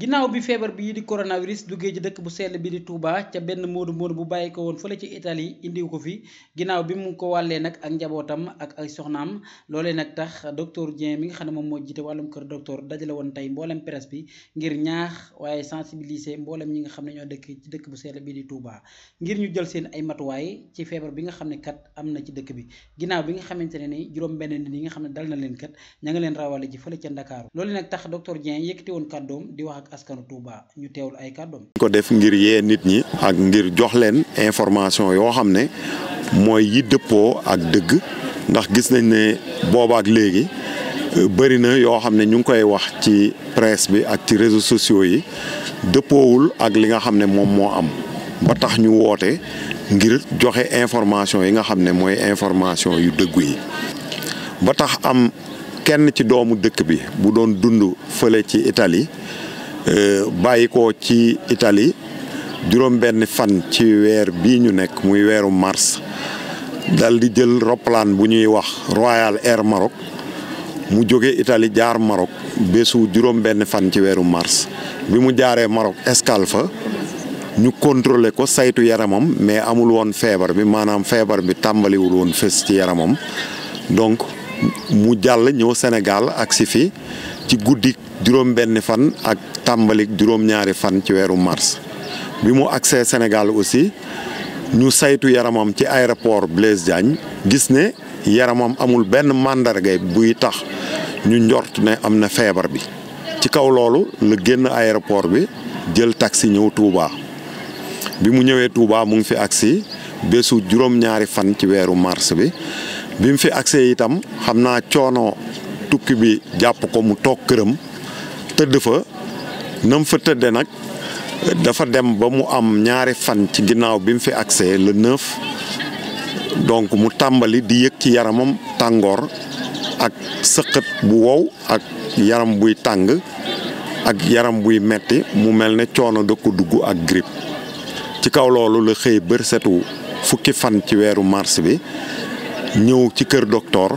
ginnaaw bi feebar bii di coronavirus duggee ci dëkk bu sell bi di Touba ca benn moodu moodu bu bàyyi ko woon fële ci Italie indiw ko fi ginnaaw bi mu ko wàllee nag ak njabootam ak ay soxnaam loolee nag tax docteur Dieng mi nga xam ne moom moo jiite wàllum kër docteur dajale woon tey mboolem presse bi ngir waaye sensibiliser mboolem ñi nga xam ne ñoo dëkk ci dëkk bu sell bi di Touba ngir ñu jël seen ay matuwaay ci feebar bi nga xam ne kat am na ci dëkk bi ginnaaw bi nga xamante ne ni juróom-benn nit nga xam ne dal na leen kat ña nga leen rawale ji fële ca Ndakaaru loolee nag tax docteur Dieng yëkkati woon kàddoom di wax ak askanu Touba ñu teewul ay kàddoom. ko def ngir yee nit ñi ak ngir jox leen information yoo xam ne mooy yi dëppoo ak dëgg ndax gis nañ ne boobaak léegi euh, bëri na yoo xam ne ñu ngi koy wax ci presse bi ak ci réseaux sociaux yi dëppoowul ak li nga xam ne moom moo am ba tax ñu woote ngir joxe information yi nga xam ne mooy information yu dëggu yi ba tax am kenn ci doomu dëkk bi bu doon dund fële ci Italie Euh, bayiko ci Italie durom ben fan ci wèr bi ñu nek muy wèru mars dal di jël roplan bu ñuy wax Royal Air Maroc mu joggé Italie jaar Maroc besu durom ben fan ci wèru mars bi mu jaaré Maroc escalfa ñu contrôler ko saytu yaramam mais amul won fièvre bi manam fièvre bi wul won fess ci yaramam donc mu jall ñëw Sénégal ak fi ci goudik durum benn fan ak tambalik durum ñaari fan ci wéru mars bi mu agsee Sénégal aussi ñu saytu yaramam ci aéroport Blaise Diagne gis né yaramam amul benn màndarga buy tax ñu njort ne amna fièvre bi ci kaw lolu le génn aéroport bi jël taxi ñëw Touba bi mu Touba mu ngi fi accé besu djuroom ñaari fan ci wéru mars bi bim fi accé itam xamna choono tukki bi japp ko mu tok kërëm teud fa nam fa teudé nak dafa dem ba mu am ñaari fan ci ginnaw bi mu fi accès le 9 donc mu tambali di yëg ci yaramam tangor ak sekkat bu wow ak yaram buy tang ak yaram buy metti mu melne choono de ko duggu ak grippe ci kaw le xey beur setu fukki fan ci wéru mars bi ñew ci kër docteur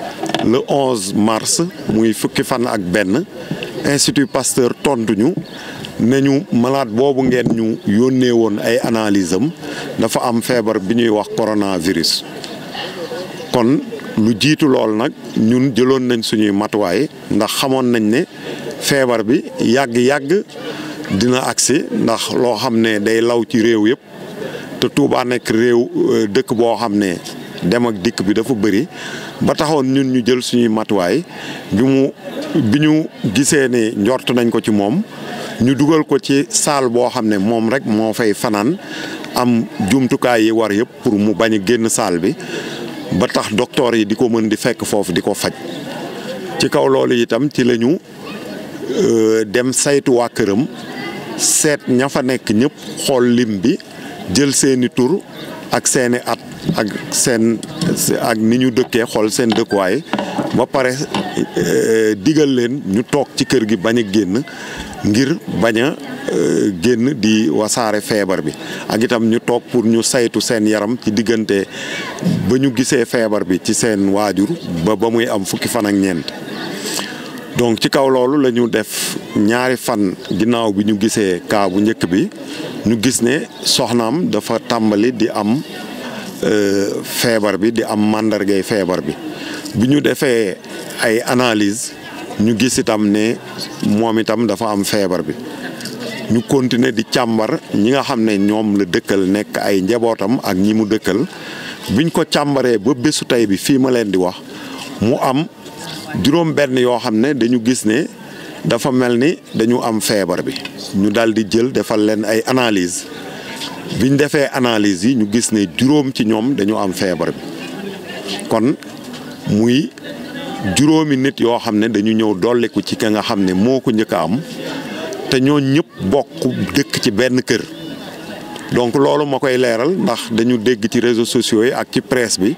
le 11 mars muy fukki fan ak benn Institut Pasteur tontuñu ne ñu malaat boobu ngeen ñu yónnee woon ay analyse am dafa am feebar bi ñuy wax coronavirus kon lu jiitu lool nag ñun jëloon nañ suñuy matuwaay ndax xamoon nañ ne feebar bi yàgg-yàgg dina agsi ndax loo xam ne day law ci réew yëpp te Touba nekk réew euh, dëkk boo xam ne dem ak dikk bi dafa bëri ba taxoon ñun ñu jël suñuy matuwaay bi mu bi ñu gisee ni njort nañ ko ci moom ñu dugal ko ci saal boo xam ne moom rek moo fay fanaan am jumtukaay yi war yëpp pour mu bañ a génn saal bi ba tax docteur yi di ko mën di fekk foofu di ko faj ci kaw loolu itam ci lañu ñu euh, dem saytu waa këram seet ña fa nekk ñëpp xool lim bi jël seeni tur ak seeni at ak seen ak ni ñu dëkkee xool seen dëkkuwaay ba pare euh, digal leen ñu toog ci kër gi bañ a génn ngir bañ a euh, génn di wasaare feebar bi ak itam ñu toog pour ñu saytu seen yaram ci diggante ba ñu gisee feebar bi ci seen waajur ba ba muy am fukki fan ak ñeent. donc ci kaw loolu la ñu def ñaari fan ginnaaw bi ñu gisee cas njëkk bi ñu gis ne soxnaam dafa tàmbali di am euh, feebar bi di am màndargay feebar bi bu ñu defee ay analyse ñu gis itam ne moom itam dafa am feebar bi ñu continuer di càmbar ñi nga xam ne ñoom la dëkkal nekk ay njabootam ak ñi mu dëkkal biñ ko càmbaree ba bésu tey bi fii ma leen di wax mu am juróom benn yoo xam ne dañu gis ne dafa mel ni dañu am feebar bi ñu daldi jël defal leen ay analyse biñ defee analyse yi ñu gis ne juróom ci ñoom dañu am feebar bi kon muy juróomi nit yoo xam ne dañu ñëw dolliku ci ka nga xam ne moo ko njëkk a am te ñoo ñëpp bokk dëkk ci benn kër donc loolu ma koy leeral ndax dañu dégg ci réseau sociaux yi ak ci presse bi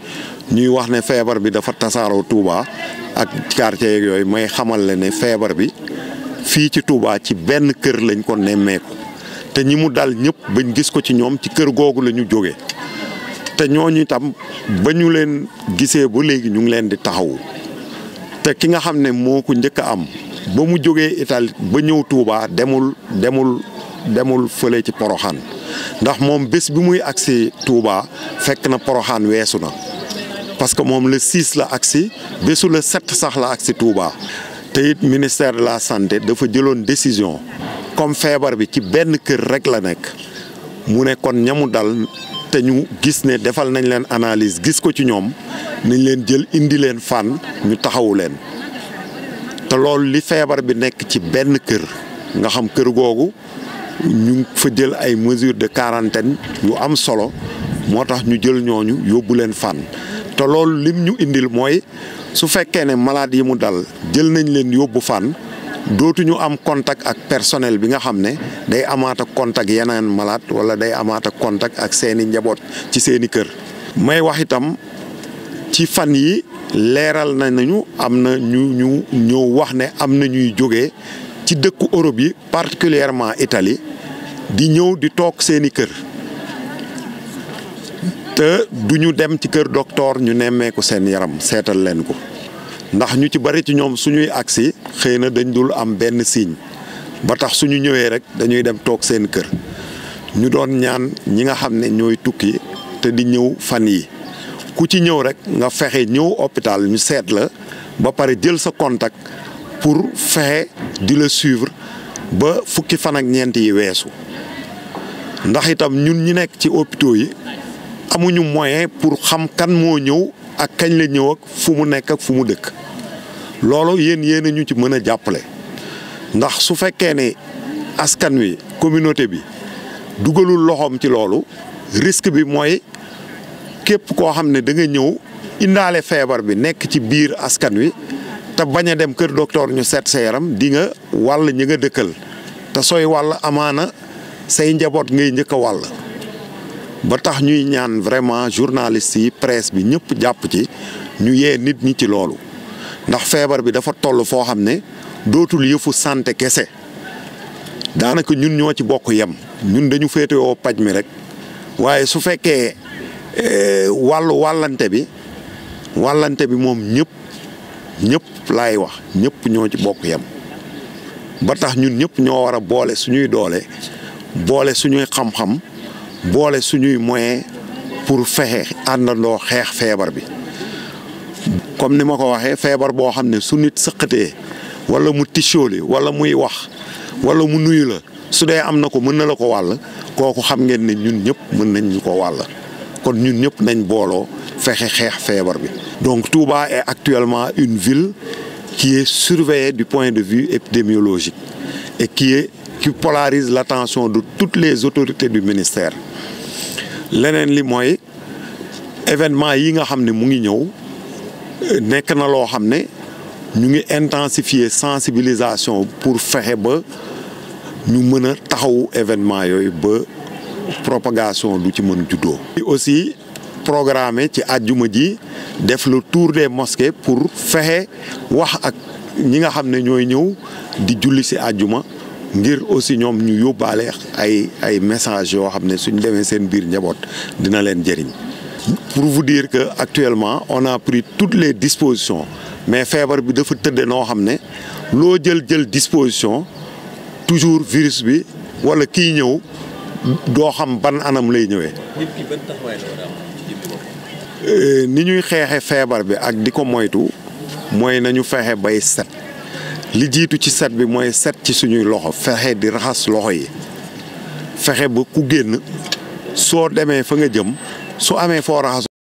ñuy wax ne feebar bi dafa tasaaroo tuubaa ak quartier yooyu may xamal la ne feebar bi fii ci tuubaa ci benn kër lañ ko nemmeeku te ñi mu dal ñëpp bañ gis ko ci ñoom ci kër googu la ñu jógee te ñooñu itam ba ñu leen gisee ba léegi ñu ngi leen di taxawu te ki nga xam ne moo ko njëkk a am ba mu jógee Italie ba ñëw tuubaa demul demul demul fële ci Poroxaan ndax moom bés bi muy agsi tuubaa fekk na Poroxaan weesu na parce que moom le 6 la agsi bésu le 7 sax la agsi Touba te it ministère de la santé dafa jëloon décision comme feebar bi ci benn kër rek la nekk mu ne kon ñamu dal te ñu gis ne defal nañ leen analyse gis ko ci ñoom nañ leen jël indi leen fànn ñu taxawu leen te loolu li feebar bi nekk ci benn kër nga xam kër googu ñu fa jël ay mesures de quarantaine yu am solo moo tax ñu jël ñooñu yóbbu leen fànn te loolu lim ñu indil mooy su fekkee ne malade yi mu dal jël nañ leen yóbbu fan dootuñu am contact ak personnel bi nga xam ne day amaat ak contact yeneen malaat wala day amaat ak contact ak seeni njaboot ci seeni kër. may wax itam ci fan yi leeral na nañu am na ñu ñu ñëw wax ne am na ñuy jógee ci dëkku Europe yi particulièrement itali di ñëw di toog seeni kër. te du ñu dem ci kër docteur ñu nemmeeku seen yaram seetal leen ko ndax ñu ci bari ci ñoom suñuy agsi xëy na dañ dul am benn signe ba tax suñu ñëwee rek dañuy dem toog seen kër ñu doon ñaan ñi nga xam ne ñooy tukki te di ñëw fan yi ku ci ñëw rek nga fexe ñëw hôpital ñu seet la ba pare jël sa contact pour fexe di la suivre ba fukki fan ak ñeent yi weesu ndax itam ñun ñi nekk ci hôpitaux yi amuñu moyen pour xam kan moo ñëw ak kañ la ñëw ak fu mu nekk ak fu mu dëkk loolu yéen yéen ñu ci mën a jàppale ndax su fekkee ne askan wi communauté bi dugalul loxoom ci loolu risque bi mooy képp koo xam ne da nga ñëw indaale feebar bi nekk ci biir askan wi te bañ a dem kër docteur ñu seet sa yaram di nga wàll ñi nga dëkkal te sooy wàll amaana say njaboot ngay njëkk a wàll. ba tax ñuy ñaan vraiment journaliste yi presse bi ñëpp jàpp ci ñu yee nit ñi ci loolu ndax feebar bi dafa toll foo xam ne dootul yëfu sante kese daanaka ñun ñoo ci bokk yem ñun dañu féetewoo paj mi rek waaye su fekkee eh, wàllu wàllante bi wàllante bi moom ñëpp ñëpp lay wax ñëpp ñoo ci bokk yem ba tax ñun ñëpp ñoo war a boole suñuy doole boole suñuy xam-xam boole suñuy moyen pour fexe àndandoo xeex feebar bi comme ni ma ko waxee feebar boo xam ne su nit sëqatee wala mu tichooli wala muy wax wala mu nuyu la su dee am na ko mën na la ko wàll kooku xam ngeen ne ñun ñëpp mën nañ ñu ko wàll kon ñun ñëpp nañ booloo fexe xeex feebar bi. donc Touba est actuellement une ville qui est surveillée du point de vue épidémiologique et qui est qui polarise l'attention de toutes les autorités du ministère. leneen li mooy événement yi nga xam ne mu ngi ñëw nekk na loo xam ne ñu ngi intensifier sensibilisation pour fexe ba ñu mën a taxawu événement yooyu ba propagation du ci mën juddoo. aussi programme ci àjjuma ji def le tour des mosquées pour fexe wax ak ñi nga xam ne ñooy ñëw di julli si àjjuma. ngir aussi ñom ñu yobale ay ay message yo xamné suñu suñ sen bir biir dina leen jëriñ pour vous dire que actuellement on a pris toutes les dispositions mais fièvre bi dafa tëdde noo xam ne loo jël jël disposition toujours virus bi wala ki ñëw do xam ban anam lay ñëwee. Euh, ni ñuy xeexe fièvre bi ak diko moytu moy nañu fexé bay set. li jiitu ci set bi mooy set ci suñuy loxo fexe di raxas loxo yi fexe ba ku génn soo demee fa nga jëm su amee foo raxas